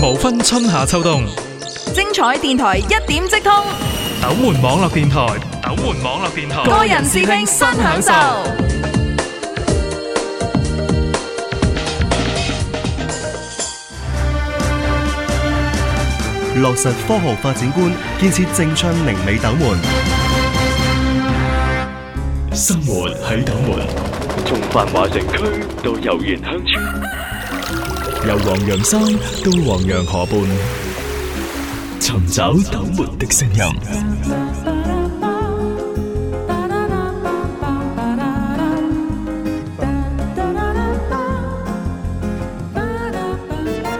無分春夏秋冬，精彩電台一點即通。斗門網絡電台，斗門網絡電台，個人視聽新享受。落實科學發展觀，建設正春寧美斗門。生活喺斗門，從 繁華城區到悠然鄉村。 由黃楊山到黃楊河畔，尋找斗門的聲音。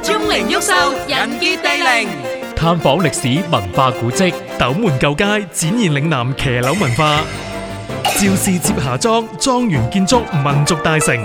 鍾靈毓秀，人傑地靈。探訪歷史文化古蹟，斗門舊街展現嶺南騎樓文化。趙氏接霞莊莊園建築，民族大成。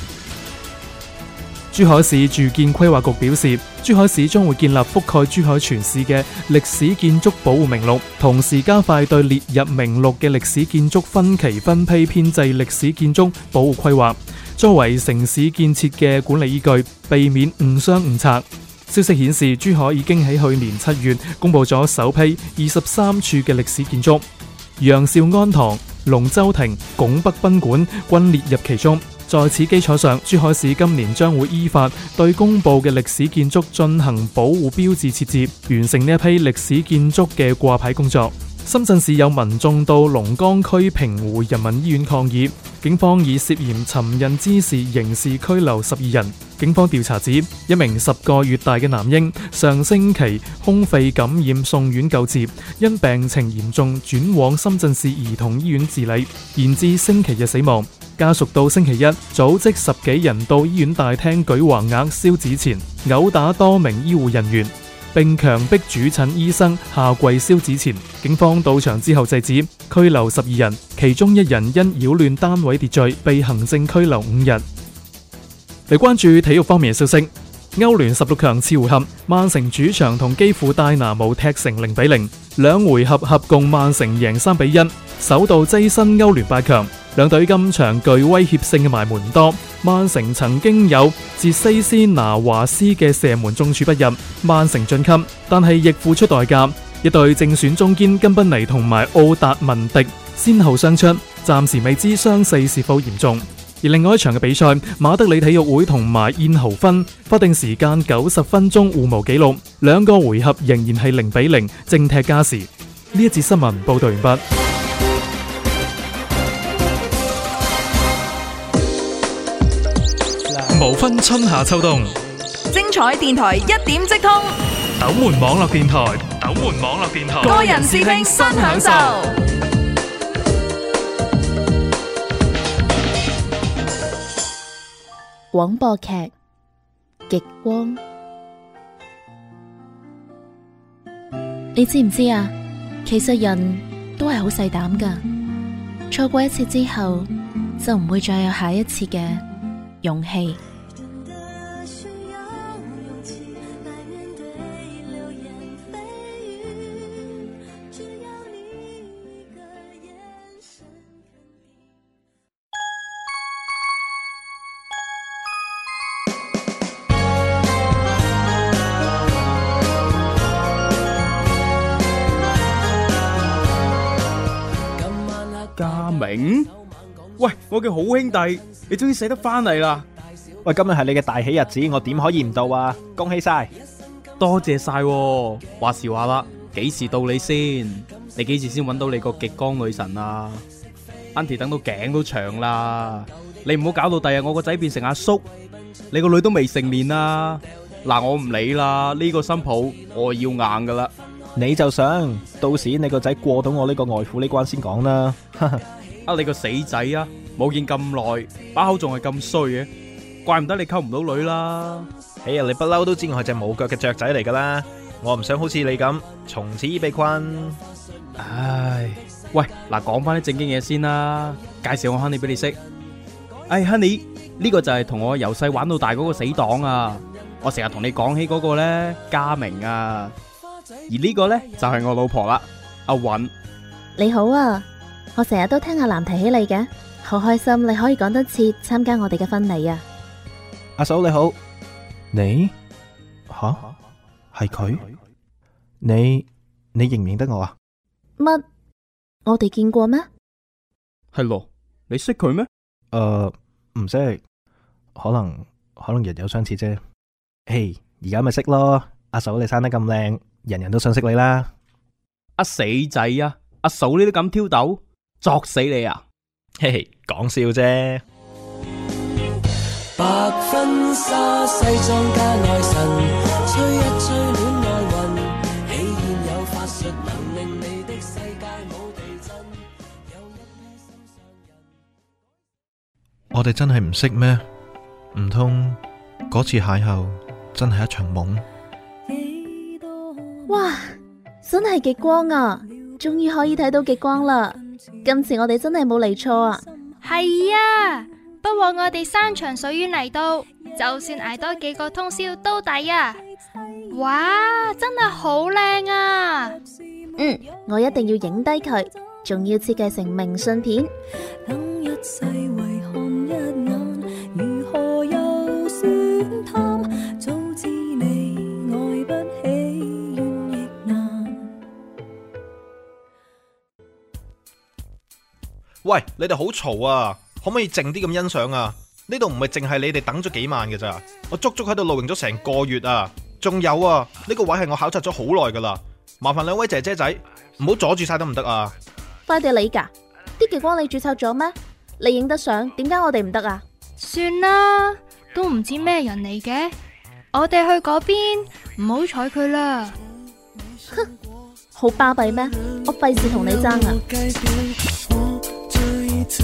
珠海市住建規劃局表示，珠海市將會建立覆蓋珠海全市嘅歷史建築保護名錄，同時加快對列入名錄嘅歷史建築分期分批編制歷史建築保護規劃，作為城市建設嘅管理依據，避免誤傷誤拆。消息顯示，珠海已經喺去年七月公布咗首批二十三處嘅歷史建築，楊兆安堂、龍舟亭、拱北賓館均列入其中。在此基礎上，珠海市今年將會依法對公布嘅歷史建築進行保護標誌設置，完成呢一批歷史建築嘅掛牌工作。深圳市有民眾到龍崗區平湖人民醫院抗議，警方以涉嫌尋釁滋事刑事拘留十二人。警方調查指，一名十個月大嘅男嬰上星期胸肺感染送院救治，因病情嚴重轉往深圳市兒童醫院治理，延至星期日死亡。家屬到星期一組織十幾人到醫院大廳舉橫額、燒紙錢、毆打多名醫護人員。並強迫主診醫生下跪燒紙錢。警方到場之後制止，拘留十二人，其中一人因擾亂單位秩序被行政拘留五日。嚟關注體育方面嘅消息。歐聯十六強次回合，曼城主場同基輔戴拿姆踢成零比零，兩回合合共曼城贏三比一，首度躋身歐聯八強。兩隊今場具威脅性嘅埋門不多，曼城曾經有哲西斯拿華斯嘅射門中柱不入，曼城晉級，但係亦付出代價，一隊正選中堅根賓尼同埋奧達文迪先後傷出，暫時未知傷勢是否嚴重。而另外一場嘅比賽，馬德里體育會同埋燕豪芬，法定時間九十分鐘互無紀錄，兩個回合仍然係零比零，正踢加時。呢一節新聞報道完畢。無分春夏秋冬，精彩電台一點即通，鬥門網絡電台，鬥門網絡電台，個人視聽新享受。廣播劇《極光》，你知唔知啊？其實人都係好細膽㗎，錯過一次之後，就唔會再有下一次嘅勇氣。嘅好兄弟，你終於捨得翻嚟啦！喂，今日係你嘅大喜日子，我點可以唔到啊？恭喜晒，多謝晒。話時話啦，幾時到你先？你幾時先揾到你個極光女神啊？Auntie 等到頸都長啦，你唔好搞到第日我個仔變成阿叔，你個女都未成年啦！嗱，我唔理啦，呢個新抱我要硬噶啦，你就想到時你個仔過到我呢個外父呢關先講啦。啊！你個死仔啊，冇見咁耐，把口仲係咁衰嘅，怪唔得你溝唔到女啦！哎呀，你不嬲都知我係隻冇腳嘅雀仔嚟噶啦，我唔想好似你咁從此被困。唉，喂，嗱，講翻啲正經嘢先啦，介紹我 honey 俾你識。哎，honey，呢個就係同我由細玩到大嗰個死黨啊，我成日同你講起嗰個咧，嘉明啊，而呢個咧就係我老婆啦，阿韻，你好啊。我成日都聽阿南提起你嘅，好開心你可以講得切參加我哋嘅婚禮啊！阿嫂你好，你吓係佢？你你認唔認得我啊？乜？我哋見過咩？係咯，你識佢咩？誒，唔識，可能可能人有相似啫。誒，而家咪識咯，阿嫂你生得咁靚，人人都想識你啦！阿死仔啊！阿嫂你都咁挑逗。作死你啊！嘿嘿，講笑啫。我哋真係唔識咩？唔通嗰次邂逅真係一場夢？哇！真係極光啊！終於可以睇到極光啦！今次我哋真係冇嚟錯啊！係啊，不枉我哋山長水遠嚟到，就算挨多幾個通宵都抵啊！哇，真係好靚啊！嗯，我一定要影低佢，仲要設計成明信片。喂，你哋好嘈啊！可唔可以靜啲咁欣賞啊？呢度唔係淨係你哋等咗幾晚嘅咋，我足足喺度露營咗成個月啊！仲有啊，呢個位係我考察咗好耐噶啦，麻煩兩位姐姐仔唔好阻住晒得唔得啊？快啲你噶？啲極光你注冊咗咩？你影得相，點解我哋唔得啊？算啦，都唔知咩人嚟嘅，我哋去嗰邊唔好睬佢啦。哼，好巴閉咩？我費事同你爭啊！切，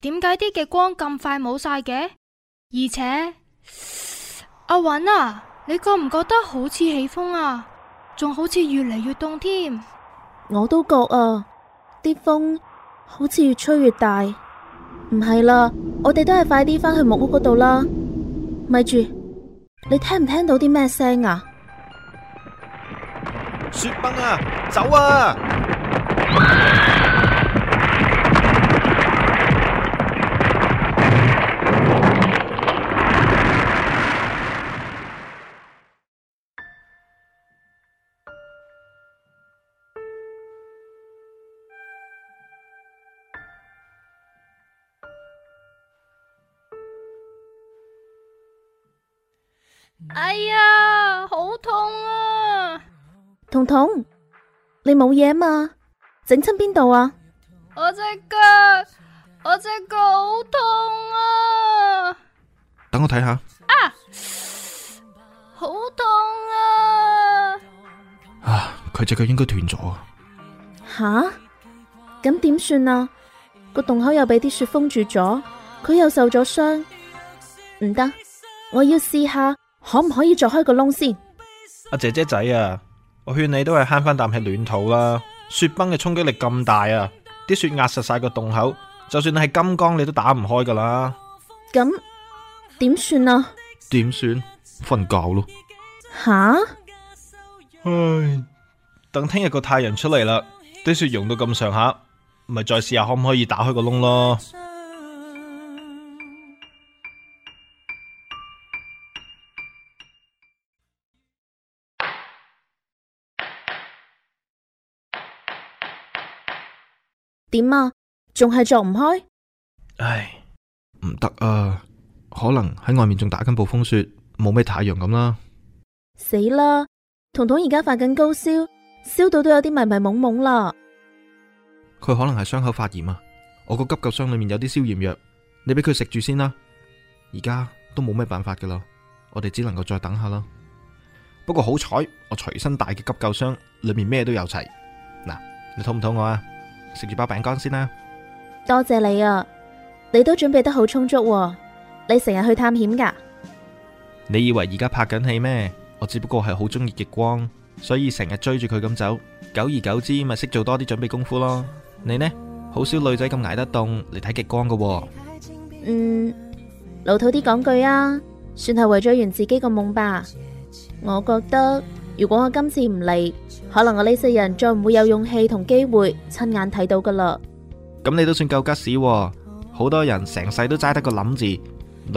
點解啲嘅光咁快冇晒嘅？而且，阿韻啊，你覺唔覺得好似起風啊？仲好似越嚟越凍添，啊。我都覺啊，啲風好似越吹越大。唔係啦，我哋都係快啲返去木屋嗰度啦。咪住，你聽唔聽到啲咩聲啊？雪崩啊，走啊！彤彤，你冇嘢嘛？整親邊度啊？我隻腳，我隻腳好痛啊！等我睇下啊，好痛啊！啊，佢隻腳應該斷咗啊！吓，咁點算啊？個洞口又俾啲雪封住咗，佢又受咗傷，唔得，我要試下可唔可以再開個窿先？阿姐姐仔啊！我勸你都係慳翻啖氣暖肚啦！雪崩嘅衝擊力咁大啊，啲雪壓實晒個洞口，就算你係金剛，你都打唔開噶啦。嗯，咁點算啊？點算？瞓覺咯。吓哈？唉，等聽日個太陽出嚟啦，啲雪融到咁上下，咪再試下可唔可以打開個窿咯。點啊？仲係做唔開？唉，唔得啊！可能喺外面仲打緊暴風雪，冇咩太陽咁啦。死啦！彤彤而家發緊高燒，燒到都有啲迷迷懵懵啦。佢可能係傷口發炎啊！我個急救箱裏面有啲消炎藥，你俾佢食住先啦。而家都冇咩辦法噶啦，我哋只能夠再等下啦。不過好彩，我隨身帶嘅急救箱裏面咩都有齊。嗱，你肚唔肚餓啊？食住包餅乾先啦，多謝你啊！你都準備得好充足喎，你成日去探險噶？你以為而家拍緊戲咩？我只不過係好中意極光，所以成日追住佢咁走，久而久之咪識做多啲準備功夫咯。你呢？好少女仔咁挨得凍嚟睇極光噶喎？嗯，老土啲講句啊，算係為咗圓自己個夢吧。我覺得。如果我今次唔嚟，可能我呢世人再唔會有勇氣同機會親眼睇到噶啦。咁你都算夠吉屎，好多人成世都齋得個諗字。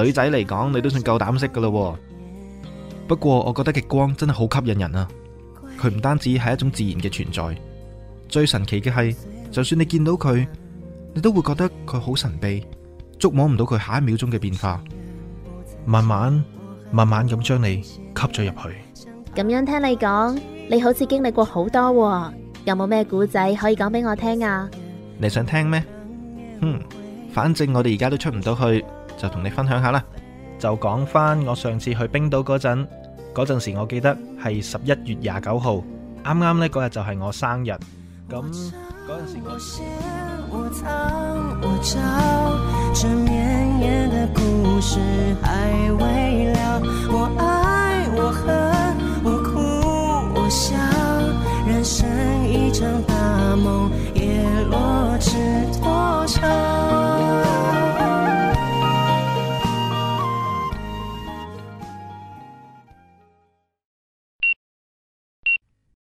女仔嚟講，你都算夠膽識噶啦。不過我覺得極光真係好吸引人啊！佢唔單止係一種自然嘅存在，最神奇嘅係，就算你見到佢，你都會覺得佢好神秘，觸摸唔到佢下一秒鐘嘅變化，慢慢慢慢咁將你吸咗入去。咁樣聽你講，你好似經歷過好多，有冇咩故仔可以講俾我聽啊？你想聽咩？嗯，反正我哋而家都出唔到去，就同你分享下啦。就講翻我上次去冰島嗰陣，嗰陣時我記得係十一月廿九號，啱啱呢嗰日就係我生日。咁嗰陣時我。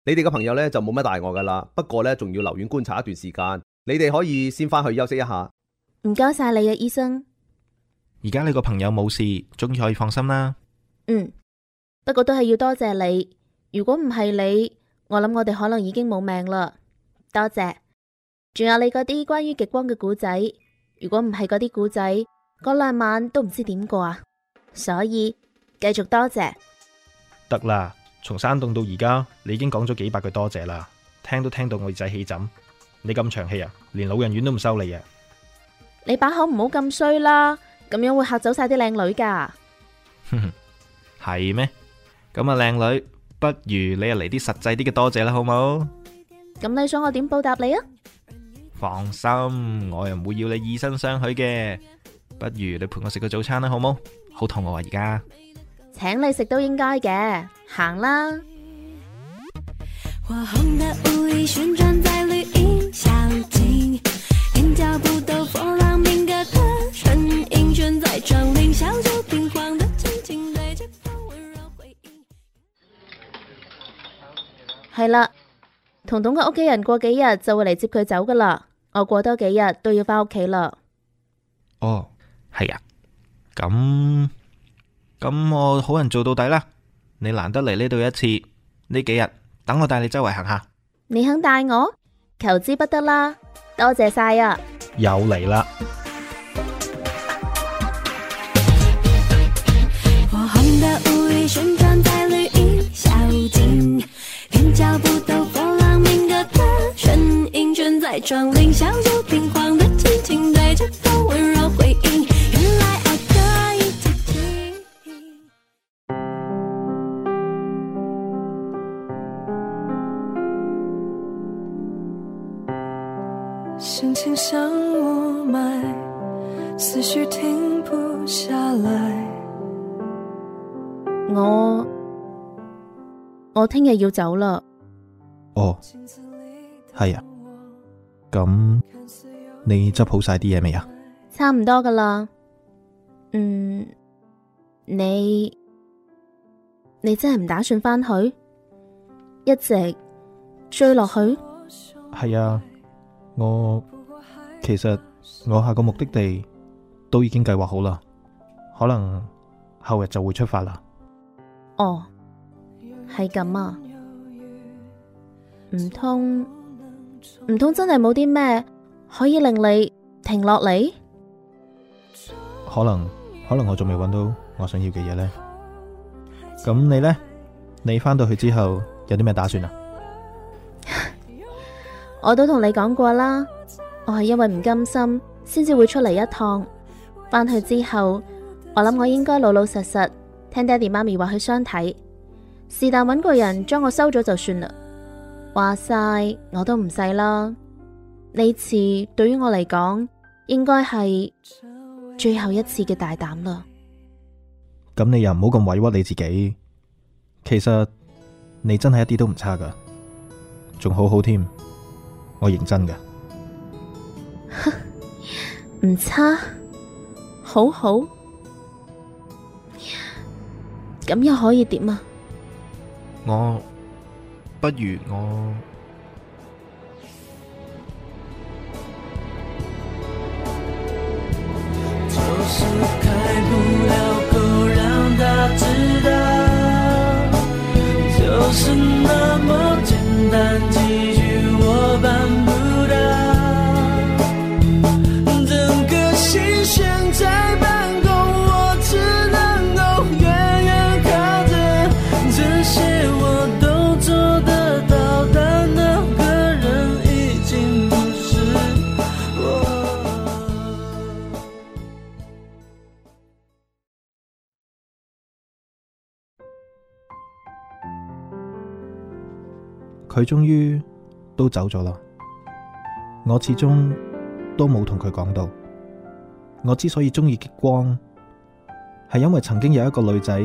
你哋嘅朋友咧就冇乜大礙噶啦，不過咧仲要留院觀察一段時間。你哋可以先翻去休息一下。唔該晒你嘅醫生。而家你個朋友冇事，終於可以放心啦。嗯，不過都係要多謝你。如果唔係你，我諗我哋可能已經冇命啦。多謝。仲有你嗰啲關於極光嘅故仔，如果唔係嗰啲故仔，嗰兩晚都唔知點過啊。所以繼續多謝。得啦。從山洞到而家，你已經講咗幾百句多謝啦，聽都聽到我耳仔氣枕。你咁長氣啊，連老人院都唔收你啊！你把口唔好咁衰啦，咁樣會吓走晒啲靚女噶。係咩？ 咁、嗯、啊，靚女，不如你又嚟啲實際啲嘅多謝啦，好冇？咁你想我點報答你啊？放心，我又唔會要你以身相許嘅。不如你陪我食個早餐啦，好冇？好肚餓啊，而家。請你食都應該嘅，行啦。係啦，彤彤嘅屋企人過幾日就會嚟接佢走㗎喇。我過多幾日都要返屋企啦。哦，係啊，咁。咁、嗯、我好人做到底啦！你難得嚟呢度一次，呢幾日等我帶你周圍行下。你肯帶我？求之不得啦！多謝晒啊！又嚟啦！ 聽日要走啦，哦，係啊，咁你執好晒啲嘢未啊？差唔多噶啦。嗯，你嗯你，你真係唔打算翻去，一直追落去？係啊，我其實我下個目的地都已經計劃好啦，可能後日就會出發啦。哦。係咁啊！唔通唔通真係冇啲咩可以令你停落嚟？可能可能我仲未揾到我想要嘅嘢呢。咁你呢？你返到去之後有啲咩打算啊？ 我都同你講過啦，我係因為唔甘心先至會出嚟一趟。返去之後，我諗我應該老老實實聽爹哋媽咪話去相睇。是但揾個人將我收咗就算啦，話晒我都唔細啦。呢次對於我嚟講，應該係最後一次嘅大膽啦。咁你又唔好咁委屈你自己。其實你真係一啲都唔差噶，仲好好添。我認真噶，唔 差，好好，咁又可以點啊？我不如我。佢終於都走咗啦，我始終都冇同佢講到。我之所以中意極光，係因為曾經有一個女仔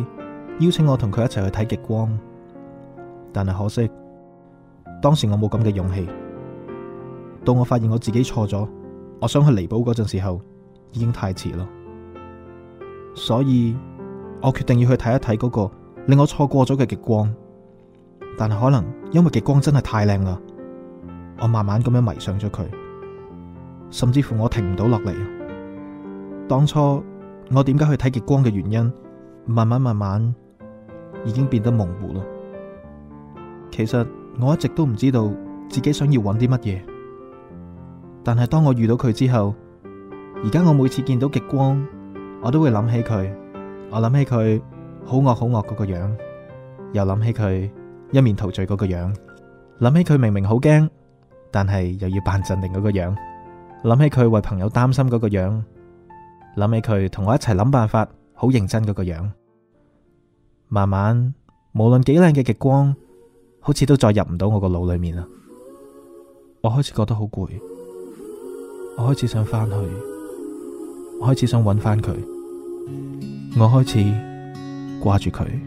邀請我同佢一齊去睇極光，但係可惜當時我冇咁嘅勇氣。到我發現我自己錯咗，我想去彌補嗰陣時候已經太遲喇，所以我決定要去睇一睇嗰個令我錯過咗嘅極光。但係可能因為極光真係太靚啦，我慢慢咁樣迷上咗佢，甚至乎我停唔到落嚟。當初我點解去睇極光嘅原因，慢慢慢慢已經變得模糊咯。其實我一直都唔知道自己想要揾啲乜嘢，但係當我遇到佢之後，而家我每次見到極光，我都會諗起佢，我諗起佢好惡好惡嗰個樣，又諗起佢。一面陶醉嗰個樣，諗起佢明明好驚，但係又要扮鎮定嗰個樣，諗起佢為朋友擔心嗰個樣，諗起佢同我一齊諗辦法，好認真嗰個樣，慢慢無論幾靚嘅極光，好似都再入唔到我個腦裏面啦。我開始覺得好攰，我開始想翻去，我開始想搵翻佢，我開始掛住佢。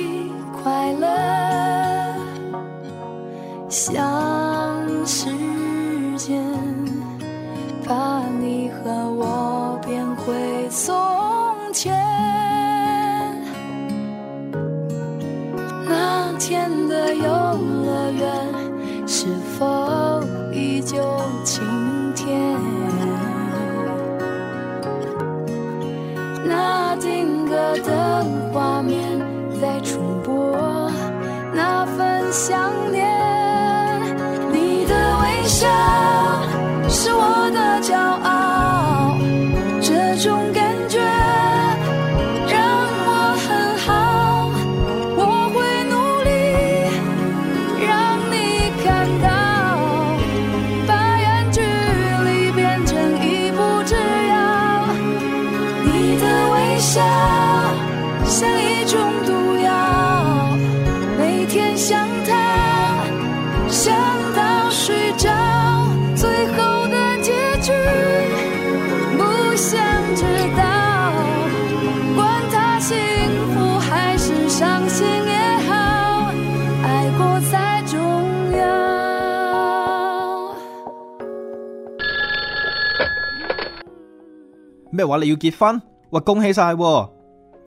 想。話你要結婚，哇，恭喜晒啊！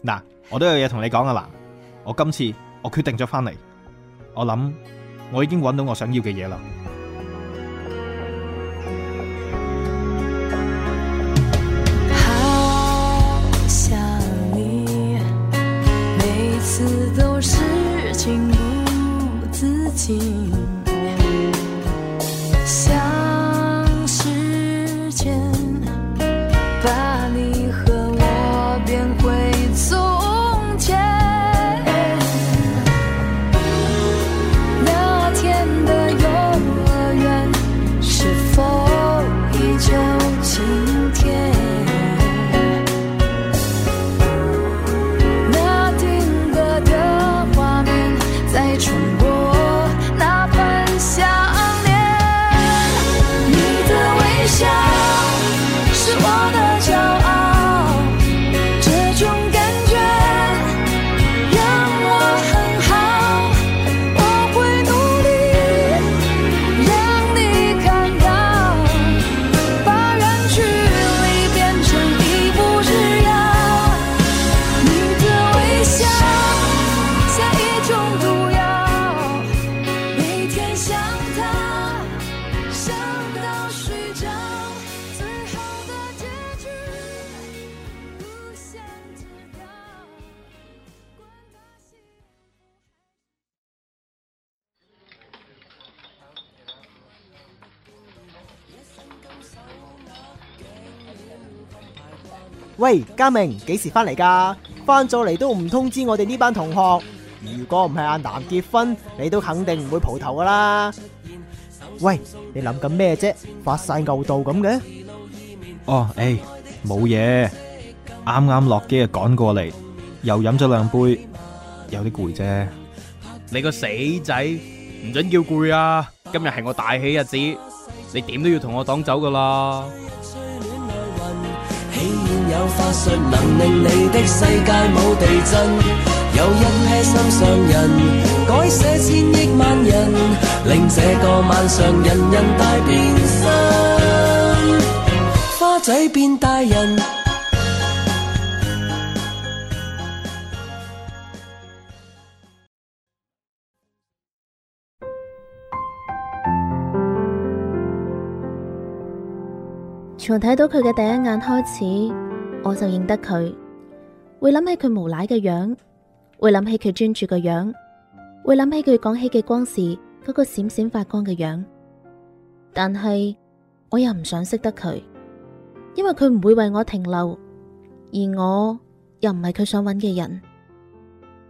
嗱，我都有嘢同你講啊啦，我今次我決定咗翻嚟，我諗我已經揾到我想要嘅嘢啦。喂，嘉明，幾時翻嚟噶？翻咗嚟都唔通知我哋呢班同學。如果唔係阿男結婚，你都肯定唔會蒲頭噶啦。喂，你諗緊咩啫？發晒牛道咁嘅。哦，哎，冇嘢，啱啱落機啊，趕過嚟，又飲咗兩杯，有啲攰啫。你個死仔，唔准叫攰啊！今日係我大喜日子，你點都要同我擋酒噶啦！有法術能令你的世界冇地震，有一撇心上人，改寫千億萬人，令這個晚上人人大變身，花仔變大人。從睇到佢嘅第一眼開始。我就認得佢，會諗起佢無賴嘅樣，會諗起佢專注嘅樣，會諗起佢講起嘅光時，嗰個閃閃發光嘅樣。但係我又唔想識得佢，因為佢唔會為我停留，而我又唔係佢想揾嘅人，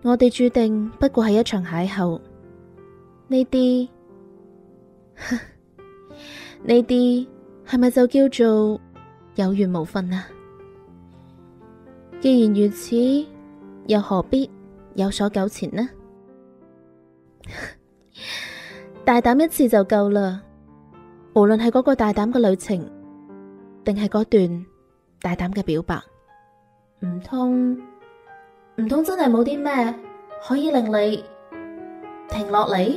我哋注定不過係一場邂逅。呢啲呢啲係咪就叫做有緣無份啊？既然如此，又何必有所糾纏呢？ 大膽一次就夠啦！無論係嗰個大膽嘅旅程，定係嗰段大膽嘅表白，唔通唔通真係冇啲咩可以令你停落嚟？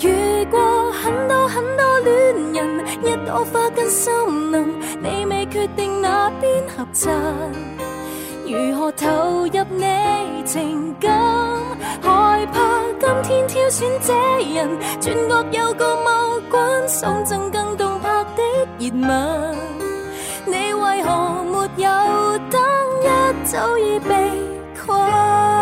遇過很多很多戀人，一朵花跟森林，你未決定哪邊合襯，如何投入你情感？ 害怕今天挑選這人，轉角有個某君，送贈更動魄的熱吻，你為何沒有等？一早已被困。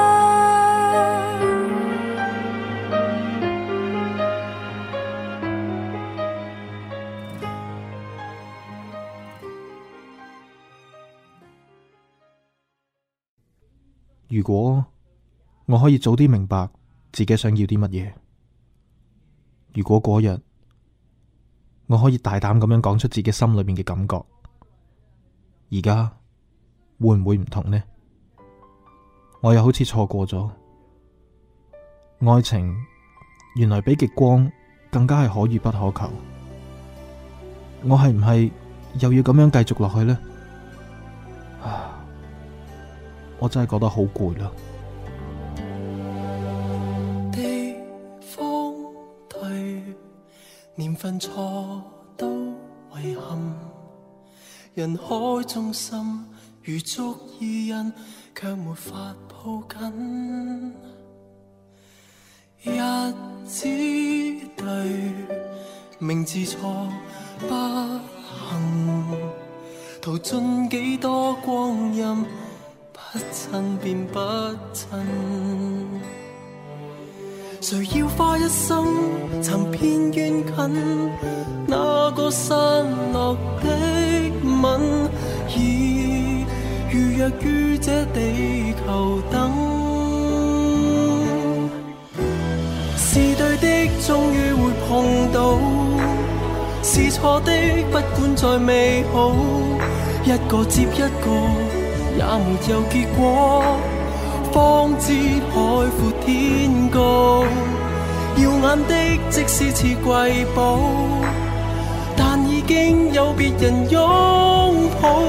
如果我可以早啲明白自己想要啲乜嘢，如果嗰日我可以大膽咁樣講出自己心裏面嘅感覺，而家會唔會唔同呢？我又好似錯過咗愛情，原來比極光更加係可遇不可求。我係唔係又要咁樣繼續落去呢？我真係覺得好攰啦。地方對，年份錯都遺憾，人海中心如捉伊人，卻沒法抱緊。日子對，名字錯不幸，途盡幾多光陰。不親便不親，誰要花一生尋遍遠近？那個散落的吻，已預約於這地球等。是對的，終於會碰到；是錯的，不管再美好，一個接一個。也沒有結果，方知海闊天高。耀眼的即使似瑰寶，但已經有別人擁抱。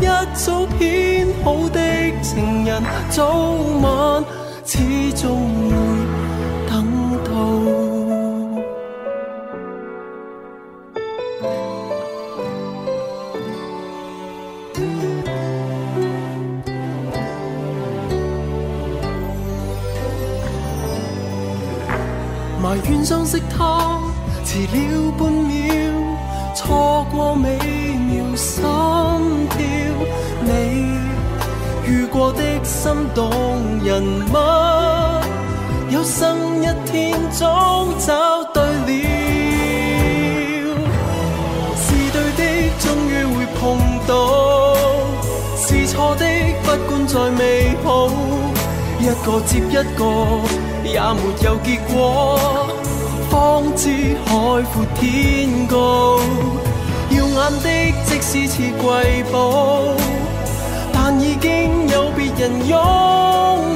一早偏好的情人，早晚始終會。相識他遲了半秒，錯過美妙心跳。你遇過的心動人物，有生一天總找對了，是對的終於會碰到，是錯的不管再美好，一個接一個也沒有結果。方知海闊天高，耀眼的即使似瑰寶，但已經有別人擁。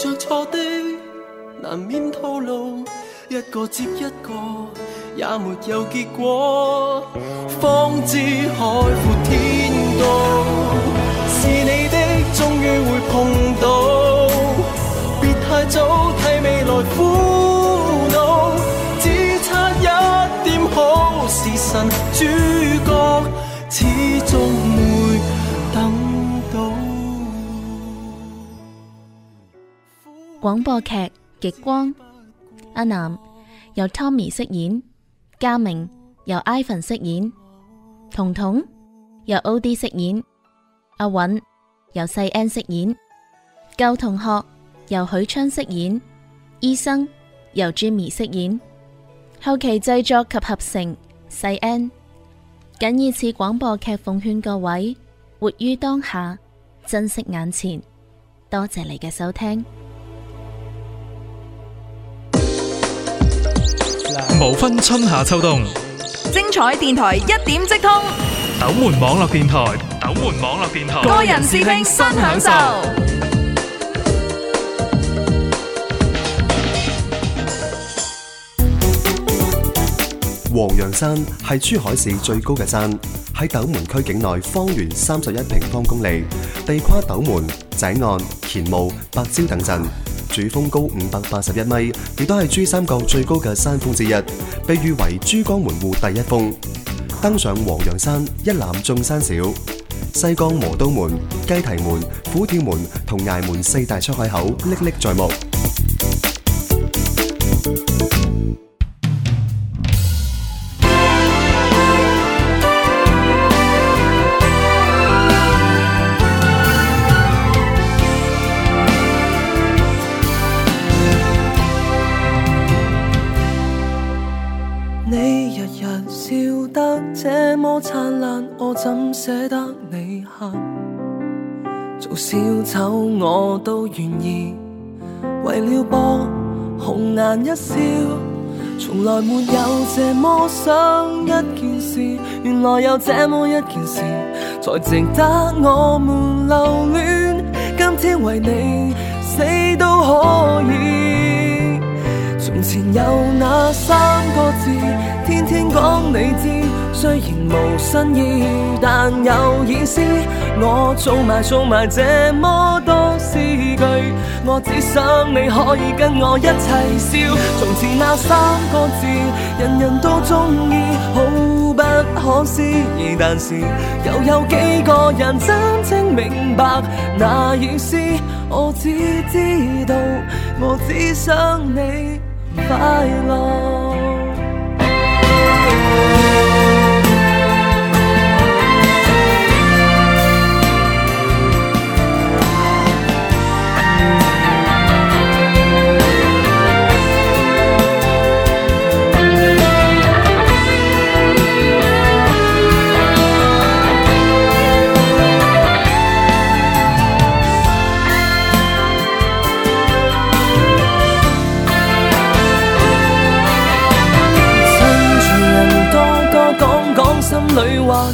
着錯的難免透露，一個接一個，也沒有結果。方知海闊天高，是你的終於會碰到，別太早替未來苦惱，只差一點好，是神主角始終。廣播劇《極光》，阿南由 Tommy 飾演，嘉明由 Ivan 飾演，彤彤由 Od 飾演，阿韻由細 N 飾演，舊同學由許昌飾演，醫生由 Jimmy 飾演。後期製作及合成細 N。僅以此廣播劇奉勸各位，活於當下，珍惜眼前。多謝你嘅收聽。無分春夏秋冬，精彩電台一點即通。斗門網絡電台，斗門網絡電台，個人視聽新享受。黃楊山係珠海市最高嘅山，喺斗門區境內，方圓三十一平方公里，地跨斗門、井岸、乾務、白蕉等鎮。主峰高五百八十一米，亦都係珠三角最高嘅山峰之一，被譽為珠江門戶第一峰。登上黃楊山，一覽眾山小，西江磨刀門、雞啼門、虎跳門同崖門四大出海口歷歷在目。小丑我都願意，為了博紅顏一笑。從來沒有這麼想一件事，原來有這麼一件事，才值得我們留戀，今天為你死都可以。從前有那三個字，天天講你知。雖然無新意，但有意思。我做埋做埋這麼多詩句，我只想你可以跟我一齊笑。從前那三個字，人人都鍾意，好不可思議。但是又有，有幾個人真正明白那意思？我只知道，我只想你快樂。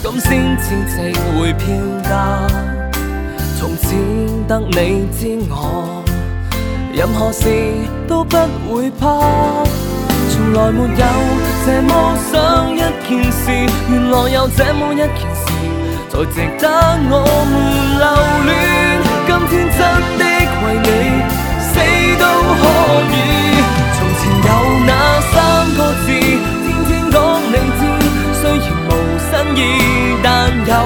咁先至值回票價，從此得你知我，任何事都不會怕。從來沒有這麼想一件事，原來有這麼一件事，才值得我們留戀，今天真的為你。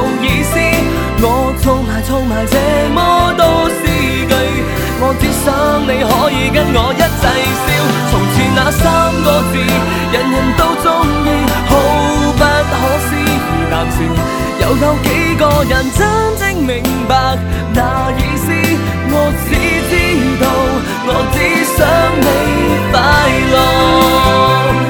冇意思，我做埋做埋這麼多詩句，我只想你可以跟我一齊笑，從前那三個字人人都中意，好不可思議。又有幾個人真正明白那意思？我只知道，我只想你快樂。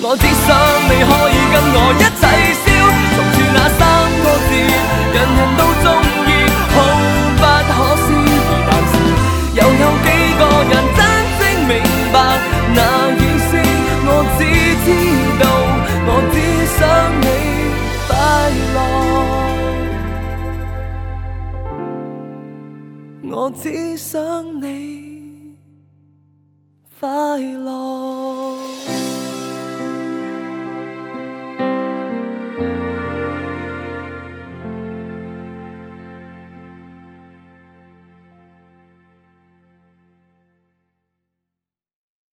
我只想你可以跟我一齊笑，重複那三個字，人人都锺意，好不可思議。但是又有幾個人真正明白那意思？我只知道，我只想你快樂，我只想你快樂。